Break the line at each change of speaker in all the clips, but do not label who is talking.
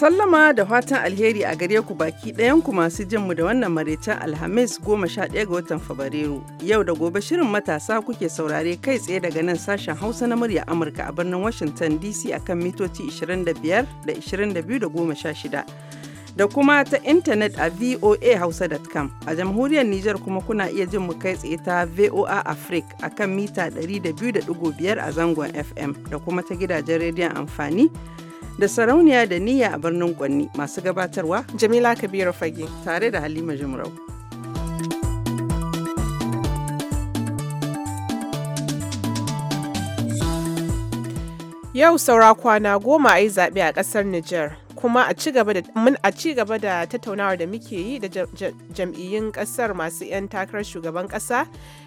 Sallama da fatan alheri a gare ku baki ku masu mu da wannan maraicen Alhamis goma sha 11 ga watan Fabrairu. Yau da gobe shirin matasa kuke saurare kai tsaye daga nan sashen Hausa na murya Amurka a birnin Washington DC akan mitoci 25 da 22 da shida da kuma ta intanet a voahausa.com a jamhuriyar Nijar kuma kuna iya jin mu kai tsaye ta VOA Africa a kan mita 200.5 a zangon FM da kuma ta gidajen rediyon amfani da sarauniya da niyya a birnin Gwanni masu gabatarwa Jamila Kabiru Fage tare da Halima Jumrau. Yau saura kwana goma a yi zaɓe a ƙasar Nijar. kuma a ci gaba da tattaunawar da muke yi da jam'iyyun ƙasar masu 'yan takarar shugaban ƙasa,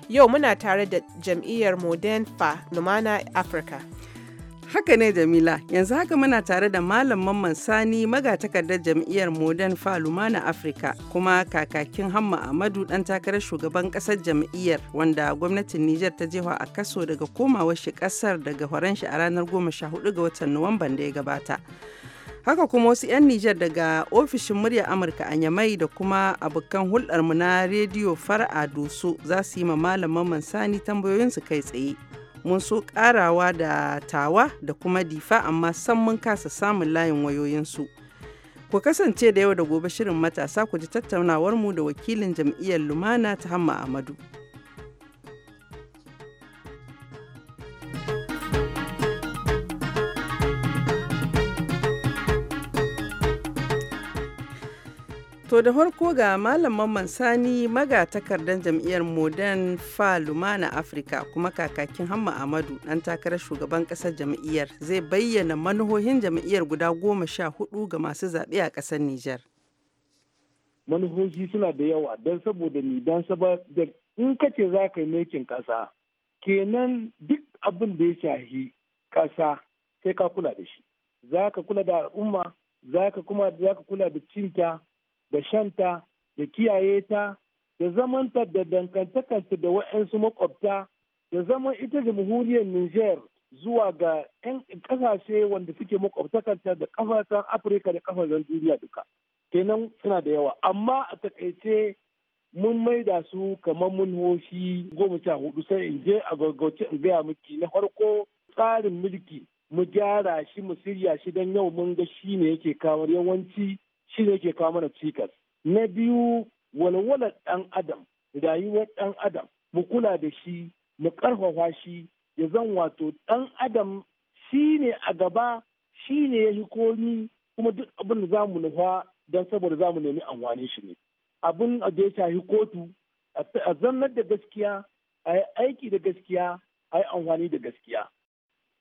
yau muna tare da jam'iyyar modern fa numana africa Haka ne Jamila, yanzu haka muna tare da Malam Mamman Sani magatakardar jam'iyyar Modern Faluma na Afirka kuma kakakin Hamma Amadu dan takarar shugaban kasar jam'iyyar wanda gwamnatin Nijar ta jefa a kaso daga komawar shi kasar daga horon shi a ranar 14 ga watan Nuwamban da ya gabata. haka kuma wasu 'yan Nijar daga ofishin murya Amurka a Yamai da kuma abokan hulɗarmu na rediyo Far'a Doso za su yi ma malam sani tambayoyin tambayoyinsu kai tsaye. mun so karawa da tawa da kuma difa amma san mun kasa samun layin wayoyinsu ku kasance da yau da gobe shirin matasa ku ji tattaunawar mu da wakilin jam'iyyar lumana ta hamma ahmadu da farko ga Malam Mamman Sani magatakardan jam'iyyar Modern Fa Lumana Afrika kuma kakakin Hamma Amadu dan takarar shugaban kasar jam'iyyar zai bayyana manuhohin jam'iyyar guda goma sha hudu ga masu zaɓe a ƙasar Nijar.
Manuhohi suna da yawa don saboda ni don saboda in kace za ka yi makin ƙasa kenan duk abin da ya shahi ƙasa sai ka kula da shi. Za ka kula da al'umma, za ka kuma za ka kula da cinta, da shanta da kiyaye ta da zamanta da dangantakarta da waɗansu makwabta da zaman ita jamhuriyar Niger zuwa ga 'yan ƙasashe wanda suke makwabtakanta da ƙasashen Afirka da ƙasashen duniya duka. Kenan suna da yawa. Amma a takaice mun maida su kamar mun hoshi goma sha hudu sai in je a gargauce in gaya miki na farko tsarin mulki mu gyara shi mu shirya shi don yau mun ga shi ne yake kawar yawanci shi ne ke kawo mana cikas na biyu walwalar ɗan adam rayuwar ɗan adam mu kula da shi mu ƙarfafa shi ya zan wato ɗan adam shi ne a gaba shi ne ya komi kuma duk abin da za mu nufa don saboda za mu nemi amfani shi ne abin da ya shafi kotu a zannar da gaskiya a yi aiki da gaskiya a yi amfani da gaskiya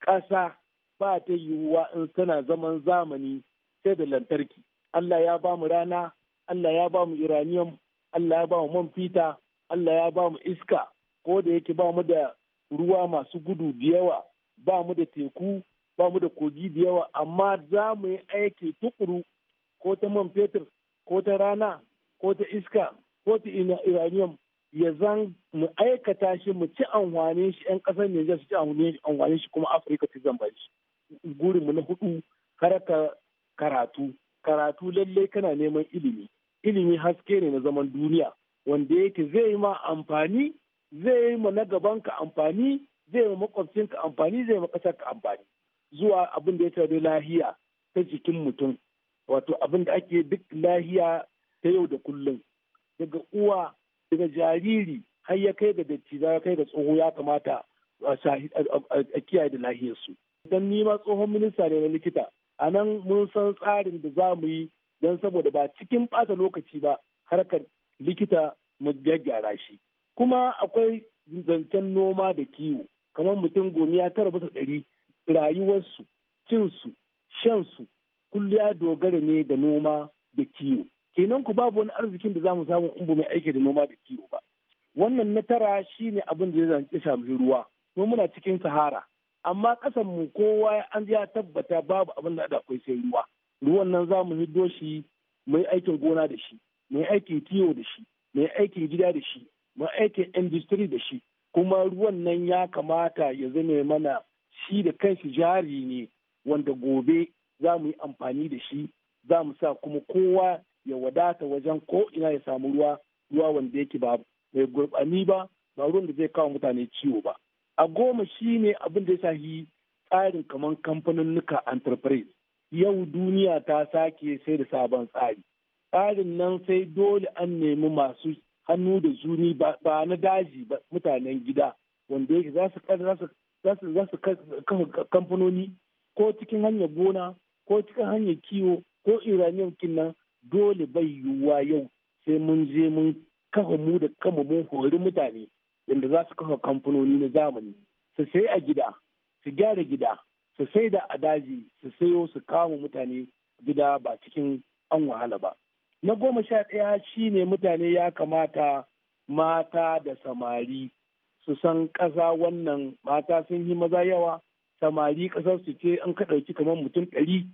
ƙasa ba ta yiwuwa in tana zaman zamani sai da lantarki Allah ya ba mu rana Allah ya ba mu uranium Allah ya ba mu man fita Allah ya ba mu iska ko da yake ba mu da ruwa masu gudu da yawa ba mu da teku ba mu da kogi da yawa amma za mu yi aiki tukuru ko ta man fetur ko ta rana ko ta iska ko ta uranium ya zan mu aikata shi mu ci amfani shi 'yan ƙasar Nijar su ci amfani shi kuma Afirka ta zamba shi. Gurinmu na hudu karaka karatu karatu lallai kana neman ilimi ilimi haske ne na zaman duniya wanda yake zai yi ma amfani zai yi ma na gabanka amfani zai yi ma makwabcinka amfani zai yi ma ƙasarka amfani zuwa abin da ya tare lahiya ta jikin mutum wato abin da ake duk lahiya ta yau da kullum daga uwa daga jariri har ya kai ga datti ya kai ga tsoho ya kamata a kiyaye da lahiyarsu don ma tsohon minista ne na likita a nan mun san tsarin da za mu yi don saboda ba cikin ɓata lokaci ba harkar likita mu gyaggyara shi kuma akwai zancen noma da kiwo kamar mutum ya tara bisa ɗari rayuwarsu cinsu shansu kulliya dogara ne da noma da kiwo kenan ku babu wani arzikin da za mu samu in mai aiki da noma da kiwo ba wannan na tara shine abin da ya zance shafi ruwa mu muna cikin sahara amma ƙasan mu kowa an ya tabbata babu abin da akwai sai ruwa ruwan nan za mu hiddo shi mu aikin gona da shi mu yi aikin kiwo da shi mai aikin gida da shi mu aikin industry da shi kuma ruwan nan ya kamata ya zame mana shi da kanshi jari ne wanda gobe za mu yi amfani da shi za mu sa kuma kowa ya wadata wajen ko ina ya samu ruwa ruwa wanda yake ba mai gurbani ba ba ruwan da zai kawo mutane ciwo ba a goma shine ne abin da ya shafi tsarin kamar nuka enterprise yau duniya ta sake sai da sabon tsari tsarin nan sai dole an nemi masu hannu da zuni ba na daji ba mutanen gida wanda yake za su kafa kamfanoni ko cikin hanyar gona ko cikin hanyar kiwo ko iraniyan kinnan dole bai yiwuwa yau sai mun je mun kafa mu da kama mun hori mutane inda za su kafa kamfanoni na zamani su sai a gida su gyara gida su sai da a daji su sayo su kama mutane gida ba cikin an wahala ba na goma sha ɗaya shine mutane ya kamata mata da samari su san ƙasa wannan mata sun yi maza yawa samari ƙasar su ce an ka ɗauki kamar mutum ɗari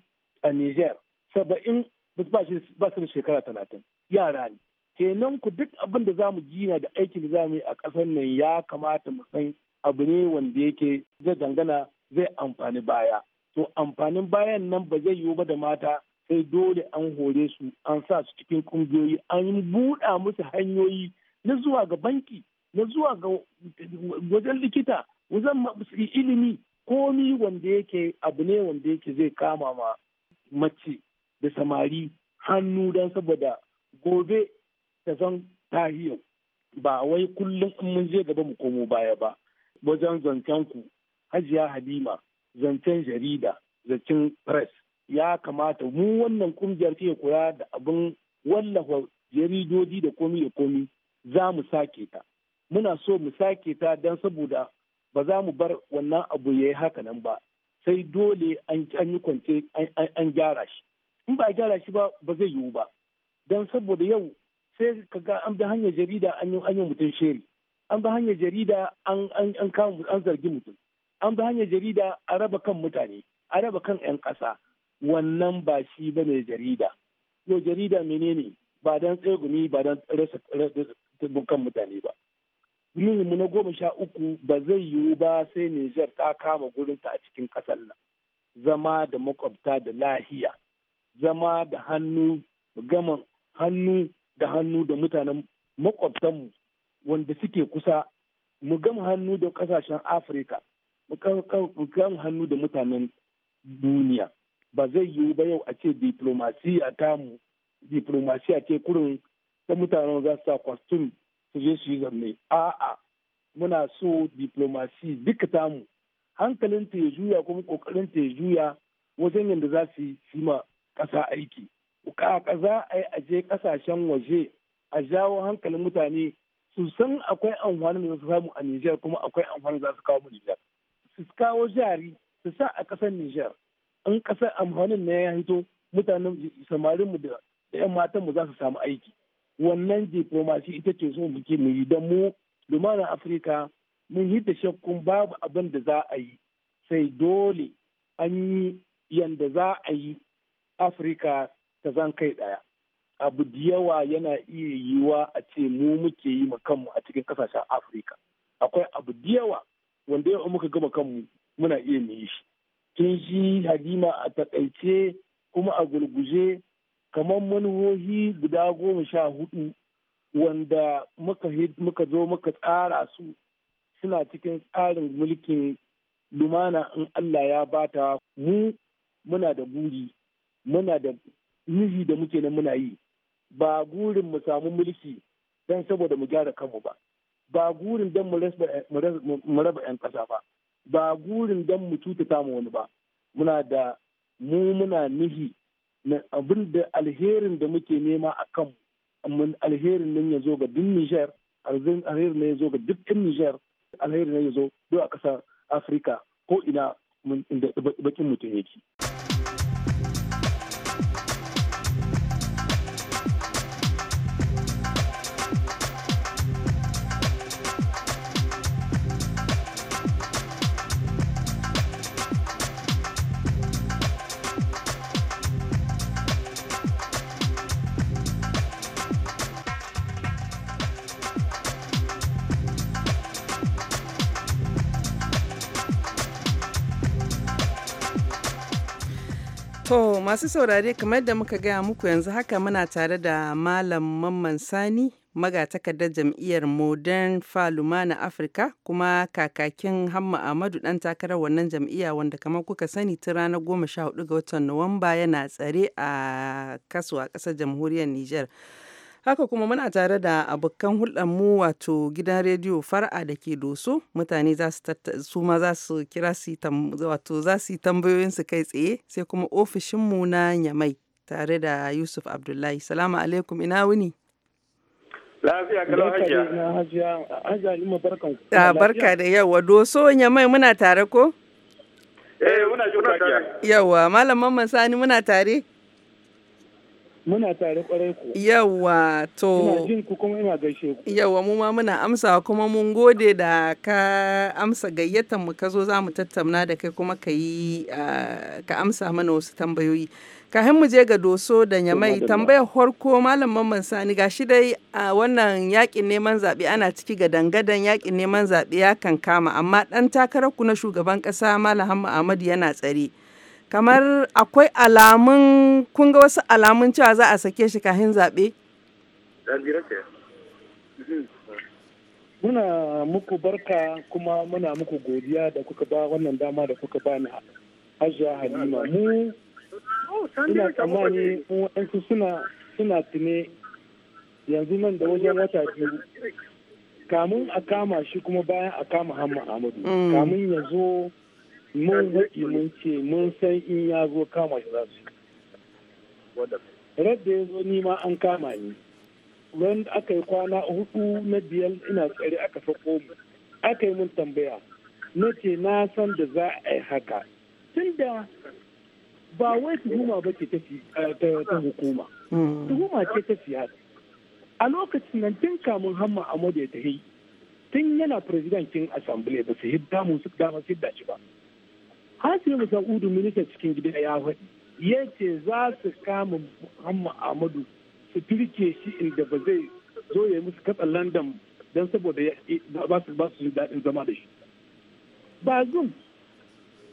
a niger saba'in ba su da shekara talatin yara ne kenan ku duk abin da za mu jina da aikin da za mu yi a ƙasar nan ya kamata mu san abu ne wanda yake zai dangana zai amfani baya to amfanin bayan nan ba zai yiwu ba da mata sai dole an hore su an sa su cikin ƙungiyoyi an buɗa musu hanyoyi na zuwa ga banki na zuwa ga wajen likita wajen ilimi komi wanda yake abu ne wanda yake zai kama ma mace da samari hannu don saboda gobe ta zan tarihi ba wai kullum in mun je gaba mu komo baya ba wajen zancen ku hajiya halima zancen jarida zancen press ya kamata mu wannan kungiyar ke kula da abin wallafa jaridodi da komi da komi za mu sake ta muna so mu sake ta don saboda ba za mu bar wannan abu ya yi haka nan ba sai dole an yi kwance an gyara shi in ba a gyara shi ba ba zai yiwu ba don saboda yau sai ka ga an bi hanyar jarida an yi hanyar mutum sheri an bi hanyar jarida an an zargi mutum an bi hanyar jarida a raba kan mutane a raba kan 'yan ƙasa wannan ba shi ba ne jarida yau jarida menene ba don tsegumi ba don rasa kan mutane ba mu na goma sha uku ba zai yiwu ba sai Nijar ta kama gurinta a cikin ƙasar nan zama da makwabta da lahiya zama da hannu gama hannu da hannu da mutanen makwabtanmu wanda suke kusa mu gama hannu da kasashen afirka mu gama hannu da mutanen duniya ba zai yiwu ba yau a ce diplomasiya mu diplomasiya ce kurin ta mutanen za su sa kwastum su je su yi zanne a'a muna so diplomasi duka tamu hankalinta ya juya kuma ta ya juya wajen yadda za su yi ma ƙasa aiki kaka za a yi aje kasashen waje a jawo hankalin mutane su san akwai amfani da su samu a Nijar kuma akwai amfani za su kawo mu Nijar su kawo jari su sa a ƙasar Nijar in ƙasar amfanin na ya hito mutanen samarin mu da yan matan mu za su samu aiki wannan diplomasi ita ce so muke mu yi don mu lumanar Afirka mun yi da shakkun babu abin da za a yi sai dole an yi yanda za a yi Afirka ta zan kai ɗaya abu da yawa yana iya yiwa a ce mu muke yi ma kanmu a cikin kasashen afirka akwai abu da yawa wanda yau muka gama kanmu muna iya mu yi shi tun shi halima a takaice kuma a gurguje kamar manuhohi guda goma sha hudu wanda muka zo muka tsara su suna cikin tsarin mulkin lumana in Allah ya bata mu muna da buri muna da nihi da muke nan muna yi ba gurin mu samu mulki don saboda mu gyara kanmu ba ba gurin don mu raba 'yan ƙasa ba ba gurin don mu cutata mu wani ba muna da mu muna nihi na abin da alherin da muke nema a kan alherin nan ya zo ga duk Nijar alherin nan ya zo ga duk Nijar alherin nan ya zo duk a ƙasar Afirka ko ina inda bakin mutum yake.
To masu saurare kamar da muka gaya muku yanzu haka muna tare da Malam Mamman Sani magatakardar jam'iyyar Modern Faluma na Afirka kuma kakakin Hamma Ahmadu dan takarar wannan jam'iyya wanda kamar kuka sani tun ranar goma sha hudu ga watan Nuwamba yana tsare a kasuwa ƙasar jamhuriyar Nijar. Haka kuma muna tare da abokan hulɗarmu wato gidan rediyo far'a da ke doso mutane za su ma za su kira su wato za su yi tambayoyinsu kai tsaye sai kuma ofishinmu na Nyamai tare da Yusuf Abdullahi. Salamu alaikum ina wuni.
Lafiya ah, Barka da
yawa doso Nyamai muna tare ko?
Eh muna jin
Yawa malam Mamman Sani muna tare. Muna
tare kwarai ku.
Yawwa to. Ina jin ku kuma ina gaishe ku. Yawwa mu ma muna amsa kuma mun gode da ka amsa gayyatan mu ka zo za mu tattauna da kai kuma ka yi ka amsa mana wasu tambayoyi. Kahin mu je ga doso da nyamai tambayar horko malam mamman sani gashi dai a wannan yakin neman zaɓe ana ciki ga dangadan yakin neman zaɓe ya kan kama amma ɗan takarar ku na shugaban ƙasa malam ahmadu yana tsare. kamar akwai alamun kun ga wasu alamun cewa za a sake shi kafin zaɓe?
muna muku barka kuma muna muku godiya da kuka ba wannan dama da kuka ba ni hajiya halima mu oh, suna tsammani waɗansu suna suna tune yanzu nan da wajen wata biyu kamun a kama shi kuma bayan a kama hamma amadu mm. kamun ya zo mun wuce mun ce mun san in ya zo kama shi za su radda ya zo ni ma an kama ni ran aka yi kwana hudu na biyar ina tsare aka sako mu aka yi mun tambaya na ce na san da za a yi haka tun da ba wai tuhuma ba ke tafi ta hukuma mm. tuhuma ke ta siyasa a lokacin nan tun kamun hamma amadu ya tahi tun yana firzidankin asambile ba su hidda mu su dama su hidda shi ba musa udu minista cikin gida ya faɗi ya ce za su kama Muhammad amadu su firke shi inda ba zai zo ya musu katsa London don saboda ba su ba su daɗin zama da shi. Ba zum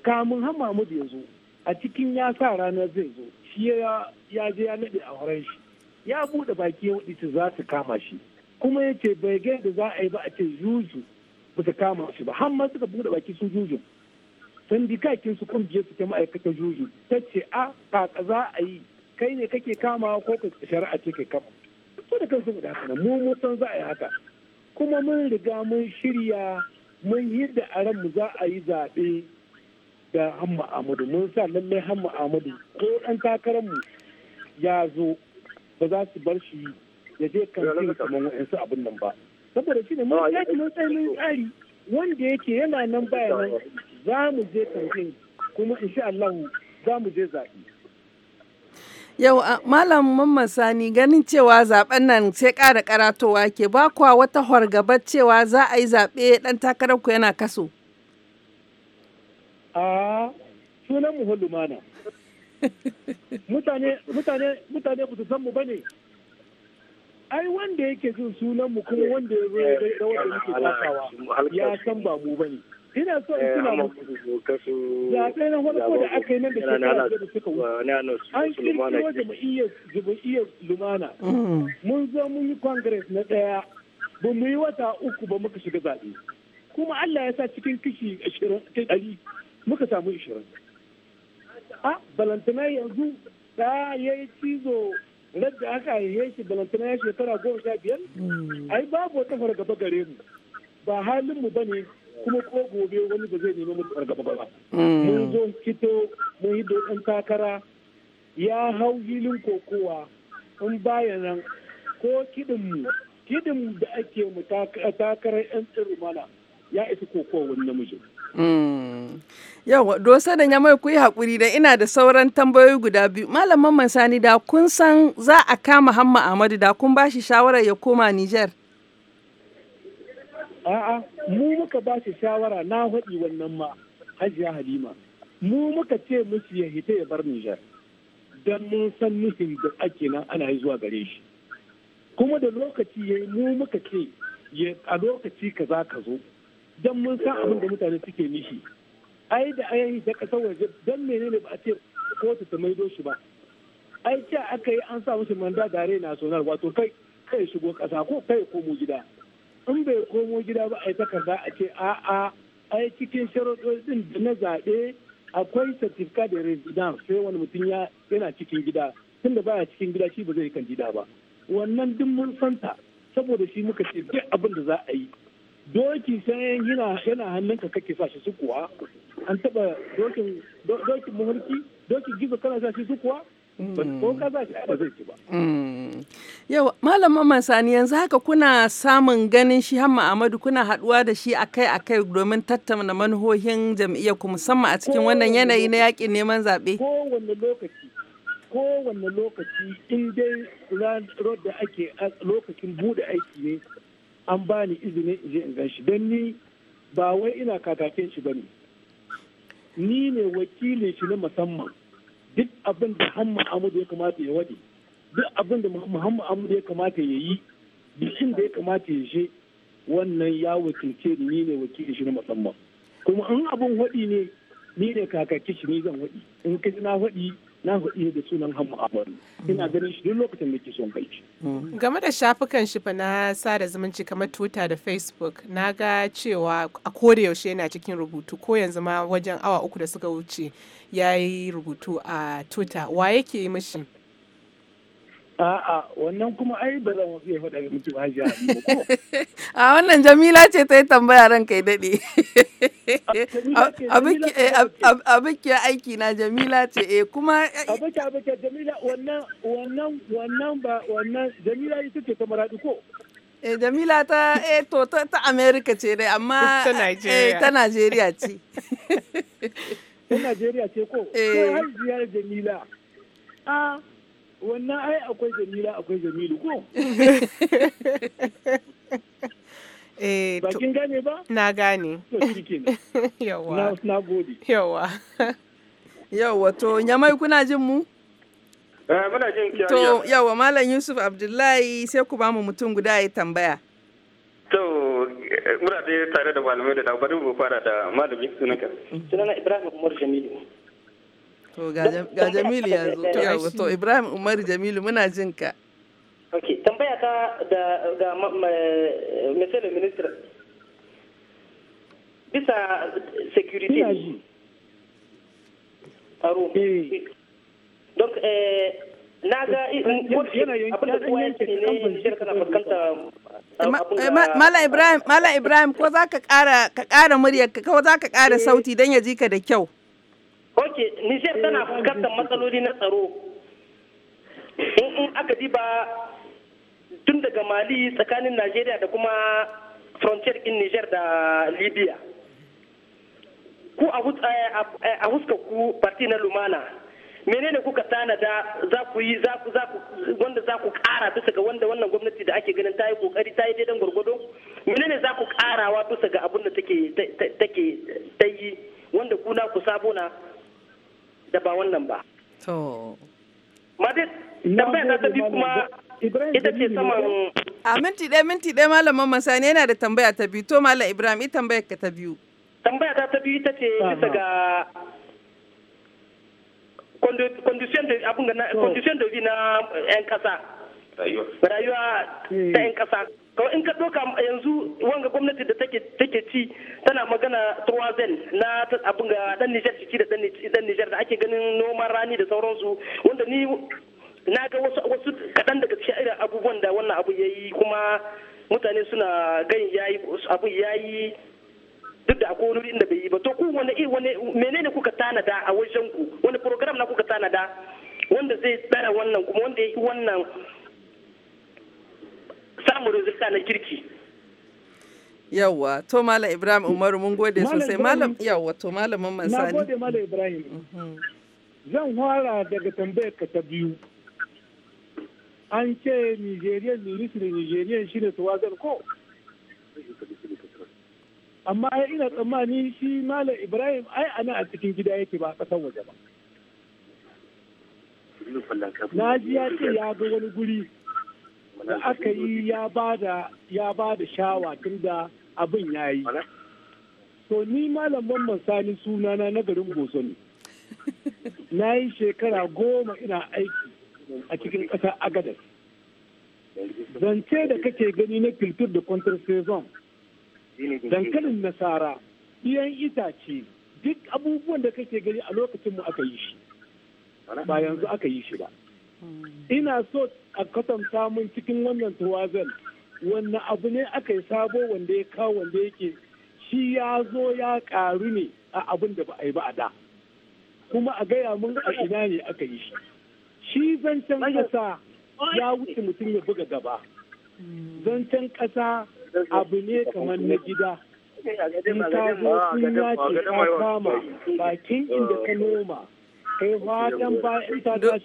kamun amadu ya zo a cikin ya sa ranar zai zo shi ya je ya naɗe a horon shi ya buɗe baki ya waɗi za su kama shi kuma ya ce bai da za a yi ba a ce juju ba su kama shi ba har suka buɗe baki sun juju kakin su biye su ta ma'aikatan juju ta ce a kaka za a yi kai ne kake kama ko ka shari'a ce kai kama su da kansu da haka mu mu san za a yi haka kuma mun riga mun shirya mun yi da aran mu za a yi zaɓe da hamma amadu mun sa lallai hamma amadu ko ɗan takarar mu ya zo ba za su bar shi ya je kamfin kamar wa'ansu abin nan ba saboda shi ne mun yaji mun tsaye mun tsari wanda yake yana nan baya nan za mu je kamfen kuma insha Allah za mu je zaɓe.
Yau Malam Mamman Sani ganin cewa zaben nan sai ƙara karatowa ke ba kuwa wata hargaba cewa za a yi zaɓe ɗan takararku yana kaso.
A sunan mu mana. Mutane mutane mutane ku san mu bane. Ai wanda yake jin sunan mu kuma wanda ya zo ya wanda yake kasawa ya
san ba mu bane.
ina so in eh, tuna mu zaɓe na farko da aka yi nan da shekara da
suka wuce an kirkiro
jam'iyyar lumana mm. mun zo mun yi congress na ɗaya ba mu yi wata uku ba muka shiga zaɓe kuma Allah ya sa cikin kishi ɗari muka samu ishirin a balantana yanzu ta ya yi cizo radda aka haihe shi balantana ya shekara goma sha biyar mm. ai babu wata fargaba gare mu ba halin mu bane kuma ko gobe wani ba zai nemi mutu gaba ba
hmm. mun zo
fito mun yi dokan takara ya hau hilin kokowa in baya nan ko mu kidin da ake mu takarar 'yan tsiru mana
ya isa kokowa wani namiji. Hmm. Yawa, dosa da ya mai kuyi haƙuri da ina da sauran tambayoyi guda biyu. Malaman sani da kun san za a kama Hamma Ahmadu da kun bashi shawarar ya koma Nijar.
a'a mu muka ba shi shawara na haɗi wannan ma hajiya halima mu muka ce musu ya hita ya bar nijar don mun san nufin da ake nan ana yi zuwa gare shi kuma da lokaci ya yi mu muka ce ya a lokaci ka za ka zo don mun san abin da mutane suke nishi ai da yi da kasar waje don menene ba a ce kotu ta maido shi ba ai ce aka yi an sa musu manda dare sonar, wato kai kai shigo kasa ko kai komo gida in bai komo gida ba a yi takarda a ce a'a ai cikin sharuɗoɗin da na zaɓe akwai satifika da residence sai wani mutum yana cikin gida tun tunda baya cikin gida shi ba zai kan gida ba wannan duk mun santa saboda shi muka ce duk abin da za a yi doki sai yana yana ka kake sa shi su kuwa an taba dokin dokin muhurki dokin gizo kana sa shi su kuwa Mm.
Mm. Yau Malam Mamman Sani yanzu haka kuna samun ganin shi Hamma Ahmadu kuna haɗuwa da shi akai-akai domin tattauna manhohin jam'iyyar ku musamman a cikin wannan yanayi na yakin neman
zaɓe. Kowane lokaci kowane lokaci in dai ranar da ake lokacin buɗe aiki ne an bani izinin in je in ganshi don ni ba wai ina kakakin shi ba ne. Ni ne wakilin shi na musamman. duk abin da hamma Amadu ya kamata ya wade duk abin da muhammad ya kamata ya yi bikin da ya kamata ya je wannan ya wakilce ni ne wakilin shi na musamman kuma in abin waɗi ne ni ne kakaki shi ni zan waɗi in ka na waɗi na iya da sunan a Ahmadu. Ina ganin shi duk lokacin da ke son kai
Game da shafukan shi fa na sada zumunci kamar Twitter da Facebook na ga cewa a koda yaushe yana cikin rubutu ko yanzu ma wajen awa uku da suka wuce ya yi rubutu a Twitter wa yake yi mishi?
A'a wannan kuma ai ba zan mu iya faɗa ga mutum hajiya
A wannan Jamila ce ta yi tambaya ran kai daɗe. Abiki aiki na Jamila ce eh kuma. Abiki eh, abiki Jamila wannan wannan wannan ba wannan Jamila yi ce ta maraɗi ko. Eh Jamila ta eh to ta Amerika ce dai amma ta Najeriya eh, ce. Ta Najeriya ce ko. Eh. Ko har
ziyar Jamila. Ah wannan ai akwai jamila akwai jamilu ko eh, Bakin
gane ba? Na gane. Yawa. Na gode. Yawa. Yawa to, nyamai kuna jin mu? Eh, muna jin kiyariya. To, yawa Malam Yusuf Abdullahi sai ku bamu mutum guda ya tambaya.
To, muna dai tare da malamai da dabarin mu fara da malamin sunanka. Sunana Ibrahim Umar Jamilu.
To ga Jamilu yanzu. Yawa to Ibrahim Umar Jamilu muna jin ka.
Ok, tambaya ta da ga misali minister. Bisa security. Aro. Eh. donc eh, na ga eh,
Mala Ibrahim, Mala Ibrahim ko za ka ƙara ka, ko za ka ƙara sauti don ya ji ka da kyau. ok nijar tana eh, fuskantar matsaloli na tsaro in
aka diba tun daga mali tsakanin najeriya da kuma frontier in nijar da libya ku eh, a huska ku parti na lumana menene kuka tanada za ku yi za ku za ku wanda za ku kara bisa ga wanda wannan gwamnati da ake ganin ta yi kokari ta yi daidan gwargwado menene za ku karawa bisa ga abin da take take ta yi wanda kuna ku sabo
da ba wannan ba. To. Madid, tambaya na ta kuma ita ce saman. A minti ɗaya minti ɗaya malamin masani yana da tambaya ta biyu to malam Ibrahim ita tambayar ka ta biyu. Tambaya ta biyu ita ce bisa ga
condition da abun na condition da na 'yan kasa. Rayuwa ta 'yan kasa. to in ka doka yanzu wanga gwamnati da take ci tana magana troisième na abin ga dan Niger ciki da dan Niger da ake ganin noman rani da sauransu wanda ni na ga wasu wasu kaɗan daga cikin irin abubuwan da wannan abu ya yi kuma mutane suna gani ya yi abu ya yi duk da akwai wani inda bai yi ba to ku wani eh, wani menene kuka tanada a wajen ku wani program na kuka tanada wanda zai tsara wannan kuma wanda ya yi wannan mu rizika na kirki
yawwa to malam ibrahim umaru mun gode sosai malam yawwa to malamin mansani na gode
malam ibrahim mhm. zan fara daga tambayar ka ta biyu an ce nigerian liris da nigerian shi ne tawazan ko amma ina tsammani shi malam ibrahim ai ana a cikin gida yake ba a ƙasar waje ba na ji ya ce ya ga wani guri da aka yi ya ba da shawa tun da abin ya yi to ni malamin sani sunana na garin boso ne na yi shekara goma ina aiki a cikin ƙasar agadas zance da kake gani na kiltur da kwantar sezon dankalin nasara iyan itace duk abubuwan da kake gani a lokacin mu aka yi shi ba yanzu aka yi shi ba ina so a kasanta mun cikin wannan tuwazan wanne abu ne aka yi sabo wanda ya kawo wanda yake shi ya zo ya karu ne a abin da ba a yi ba a da kuma a gaya mun a ina ne aka yi shi shi zancen ƙasa ya wuce mutum ya buga gaba zancen ƙasa abu ne kamar na gida
in ka zo kun yace a kama
bakin inda ka noma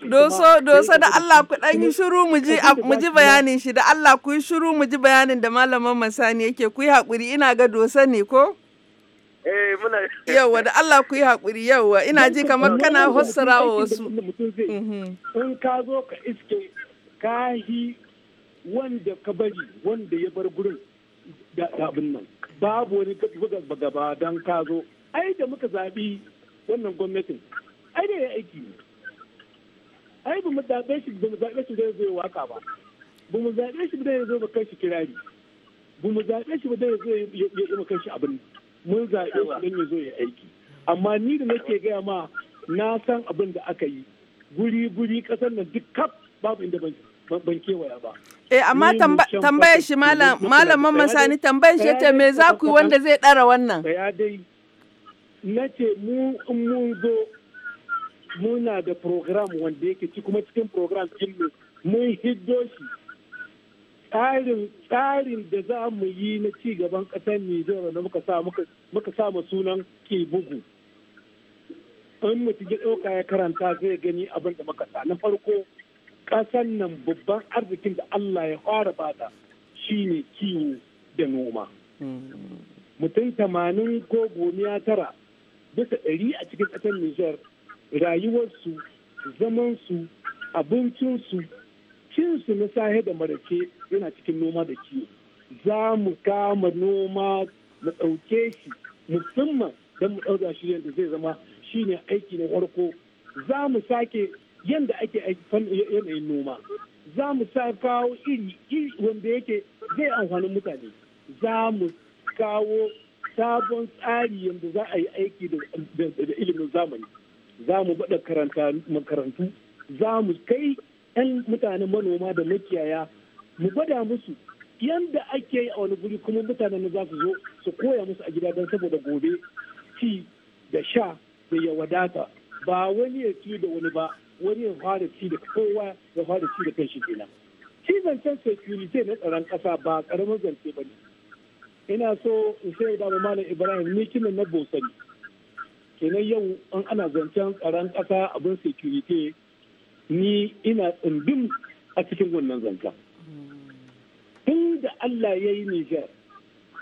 Doso, doso da Allah ku dan yi shiru mu ji bayanin
shi da Allah ku yi shiru mu ji bayanin da malaman masani yake ku yi haƙuri ina ga doso ne ko?
Eh muna.
Yawwa da Allah ku yi haƙuri yauwa ina ji kamar kana fassara wa wasu.
Mhm. In ka zo ka iske ka yi wanda ka bari wanda ya bar gurin da abin nan. Babu wani gaba don ka zo. Ai da muka zaɓi wannan gwamnatin ne ya aiki ne ai ba mu zaɓe shi ba mu zaɓe shi da zai waka ba ba mu zaɓe shi ba zai zo ba kai shi kirari ba mu zaɓe shi ba da ya zo ya yi kai shi abin mun zaɓe shi don ya zo ya aiki amma ni da nake gaya ma na san abin da aka yi guri guri ƙasar nan duk kaf babu inda ban ban kewaya ba. Eh amma tambayar shi malam mamman sani tambayar shi ta me za ku yi wanda zai
ɗara wannan. Ya dai
na ce mu in mun zo muna da program wanda yake ci kuma cikin program ɗin mun hiddo shi tsarin tsarin da za mu yi na ci gaban ƙasar Nijar da muka sa muka sa mu sunan ke bugu in mu ya doka ya karanta zai gani abin da muka sa na farko ƙasar nan babban arzikin da Allah ya fara bata shine kiwo da noma mm. mutum tamanin ko gomiya tara bisa ɗari a cikin ƙasar Nijar rayuwarsu zamansu abincinsu cinsu na sahe da marake yana cikin noma da kiwo za mu kama noma mu ɗauke shi musamman don mu ɗauka shi yadda zai zama shi ne aiki na farko za mu sake yadda ake yanayin noma za mu sa kawo iri wanda yake zai amfanin mutane za mu kawo sabon tsari yadda za a yi aiki da ilimin zamani za mu baɗa makarantu za mu kai 'yan mutanen manoma da makiyaya mu gwada musu yadda ake yi a wani guri kuma mutanen za su zo su koya musu a gida don saboda gobe ci da sha da ya wadata ba wani ya ci da wani ba wani ya fara ci da kowa ya fara ci da kai shi kenan shi zancen security na tsaron kasa ba ƙaramin zance ba ne ina so in sai da malam ibrahim ni kinan na bosani kenan yau an ana zancen tsaron ƙasa abin security ni ina tsundum a cikin wannan zancen tun da Allah ya yi Nijar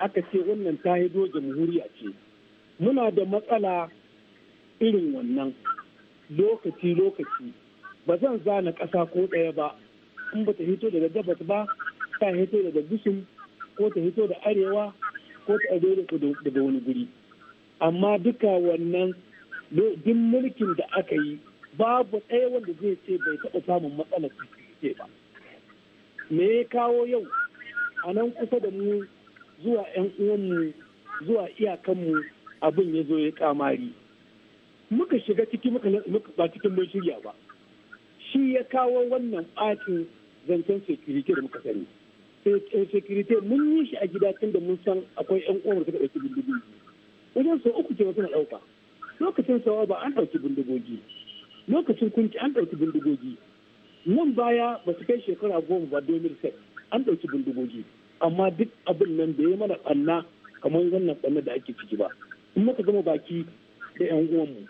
aka ce wannan ta hido jamhuriya ce muna da matsala irin wannan lokaci-lokaci ba zan zana ƙasa ko ɗaya ba in ba ta hito daga gabas ba ta hito daga gusum ko ta hito da arewa ko ta arewa daga wani guri. amma duka wannan duk mulkin da aka yi babu ɗaya wanda zai ce bai taɓa samun matsalar ke ba me ya kawo yau a nan kusa da mu zuwa 'yan uwanmu zuwa iyakanmu abin ya zo ya kamari muka shiga ciki muka ba cikin mun shirya ba shi ya kawo wannan ɓacin zancen security da muka sani security mun yi shi a gida tun da mun san akwai 'yan uwanmu suka ɗauki bindigin wajen sau uku ce na ɗauka lokacin sawa ba an ɗauki bindigogi lokacin kunci an ɗauki bindigogi nan baya ba su kai shekara goma ba 2006 an ɗauki bindigogi amma duk abin nan da ya mana ɓanna kamar wannan ɓanna da ake ciki ba in muka gama baki da 'yan uwanmu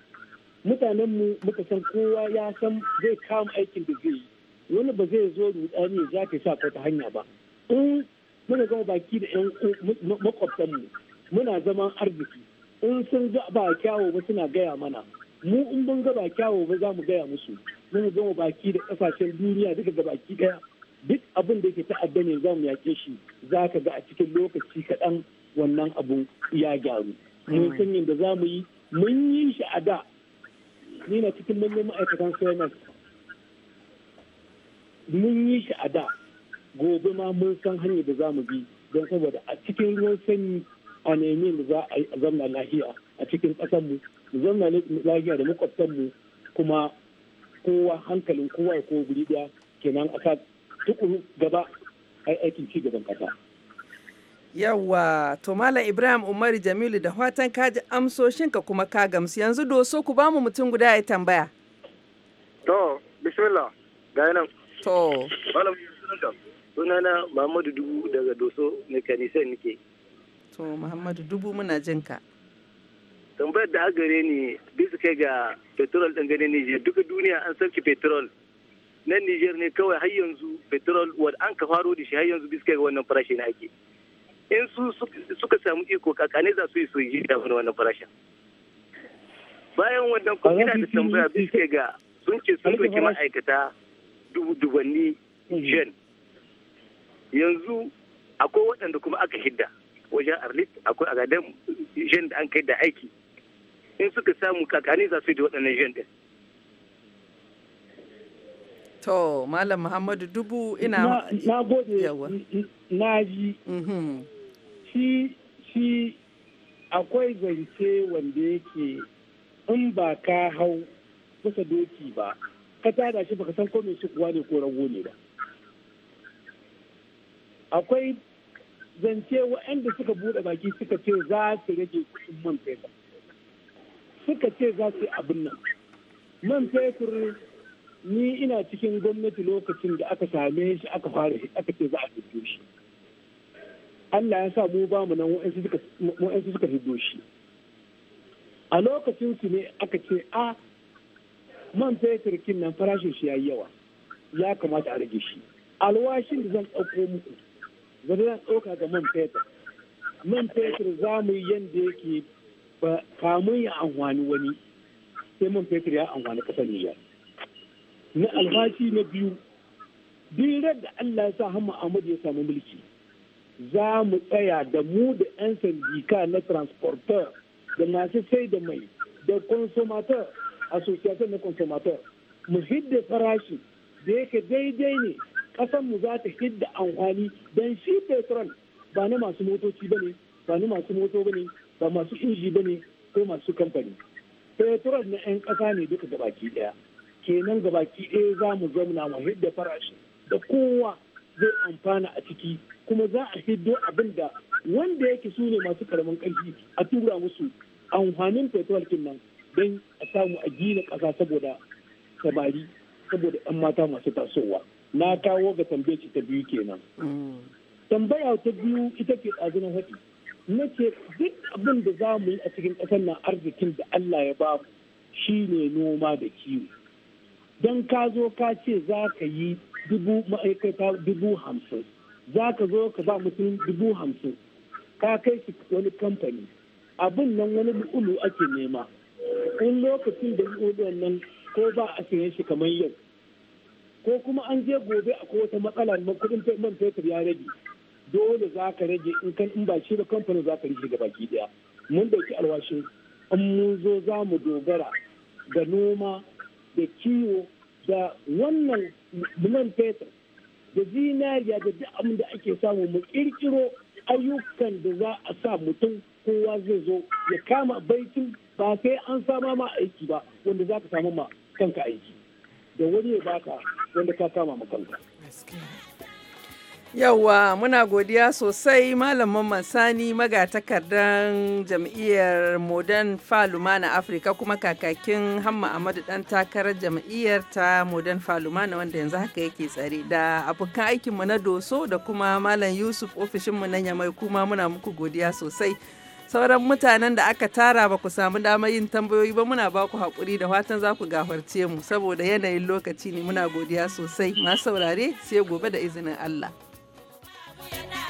mu muka san kowa ya san zai kama aikin da zai yi wani ba zai zo rudani ya zaka sa ta hanya ba in muka gama baki da 'yan mu muna zaman arziki in sun ga ba kyawo ba suna gaya mana mu in mun ga ba kyawo ba za mu gaya musu mun gama baki da kasashen duniya duka ga baki daya duk abin da yake ta'adda ne za mu yake shi za ka ga a cikin lokaci kaɗan wannan abu ya gyaru mun san yadda za mu yi mun yi shi a da ni na cikin manyan ma'aikatan sonar mun yi shi a da gobe ma mun san hanyar da za mu bi don saboda a cikin ruwan sanyi a nemi mu za a zamna lahiya a cikin ƙasarmu mu zamna lahiya da makwabtanmu kuma kowa hankalin kowa ya kowa guri ɗaya kenan a tukun gaba aikin ci gaban ƙasa.
Yawwa, to Malam Ibrahim Umaru Jamilu da fatan ka ji amsoshinka kuma ka gamsu yanzu doso ku ba mu mutum guda ya tambaya.
To, bismillah, ga nan. To. Malam Sunana Mahmudu Dubu daga Doso, kanisai nike.
to muhammadu dubu muna jin ka
tambayar da agare ne bisa kai ga petrol ɗin ganin niger duka duniya an sarki petrol nan niger ne kawai har yanzu petrol wadda an ka faro da shi har yanzu bisa kai ga wannan farashi na ake in su suka samu iko kakane za su yi su yi da wannan farashin bayan wannan kuma ina da tambaya bisa ga sun ce sun ɗauki ma'aikata dubanni jen mhm. yanzu akwai waɗanda kuma aka hidda wajen arlit akwai agadan jen da an kai da aiki in suka samu kakani za su yi da waɗannan jen din
to malam muhammadu dubu ina
na gode na ji mhm. shi shi akwai zance wanda yake in ba ka hau kusa doki ba ka tada shi baka san ko mai shi kuwa ne ko rago ne ba akwai zance waɗanda suka buɗe baki suka ce za su rage kuɗin man fetur suka ce za su yi abin nan man fetur ni ina cikin gwamnati lokacin da aka same shi aka fara shi aka ce za a fito shi Allah ya sa mu ba mu nan wa'ansu suka fito shi a lokacin su ne aka ce a man fetur kin nan farashin shi ya yi yawa ya kamata a rage shi alwashin da zan ɗauko muku zan zan ɗauka ga man fetur man fetur za mu yi yadda yake ba kamun ya amfani wani sai man fetur ya amfani kasa Nijar. Na alfashi na biyu birar da Allah ya sa hama Ahmad ya samu mulki za mu tsaya da mu da 'yan sandika na transporter da masu sai da mai da consumateur association na consumateur mu hidda farashi da yake daidai ne ƙasarmu za ta hidda amfani don shi petrol ba na masu motoci ba ne ba na masu moto ba ne ba masu inji ba ne ko masu kamfani petrol na 'yan ƙasa ne duka gabaki ɗaya kenan gabaki ɗaya za mu zauna mu hidda farashi da kowa zai amfana a ciki kuma za a hiddo abin da wanda yake su ne masu karamin ƙarfi a tura musu amfanin petrol kin nan don a samu a gina ƙasa saboda sabari saboda 'yan mata masu tasowa. na kawo ga tambayar ta biyu kenan mm. tambaya ta biyu ita ce ɗazunan haɗi na ce duk abin da za mu yi a cikin ƙasar nan arzikin da Allah ya ba mu shi ne noma da kiwo don ka zo ka ce za ka yi dubu ma'aikata dubu hamsin za ka zo ka ba mutum dubu hamsin ka kai shi wani kamfani abin nan wani bukulu ake nema in lokacin da ulu nan ko ba a siyan shi kamar yau ko kuma an je gobe akwai wata matsala na kuɗin man fetur ya rage dole za ka rage in kan in ba shi da kamfanin za ka rage gaba mun dauki alwashin an mun zo za mu dogara da noma da kiwo da wannan man fetur da zinariya da duk abin da ake samu mu kirkiro ayyukan da za a sa mutum kowa zai zo ya kama baitin ba sai an sama ma aiki ba wanda za ka samu
ma kanka aiki
da wani ya baka wanda ka kama makanka.
Yawwa muna godiya sosai Malam Mansani magatakardan jam'iyyar Modern Faluma na Afirka kuma kakakin Hamma Ahmadu dan takarar jam'iyyar ta Modern Faluma na wanda yanzu haka yake tsare da abokan aikinmu na Doso da kuma Malam Yusuf ofishinmu na Yamai kuma muna muku godiya sosai. sauran mutanen da aka tara ba ku samu damar yin tambayoyi ba muna ba ku haƙuri da fatan za ku gafarce mu saboda yanayin lokaci ne muna godiya sosai masu saurare sai gobe da izinin Allah.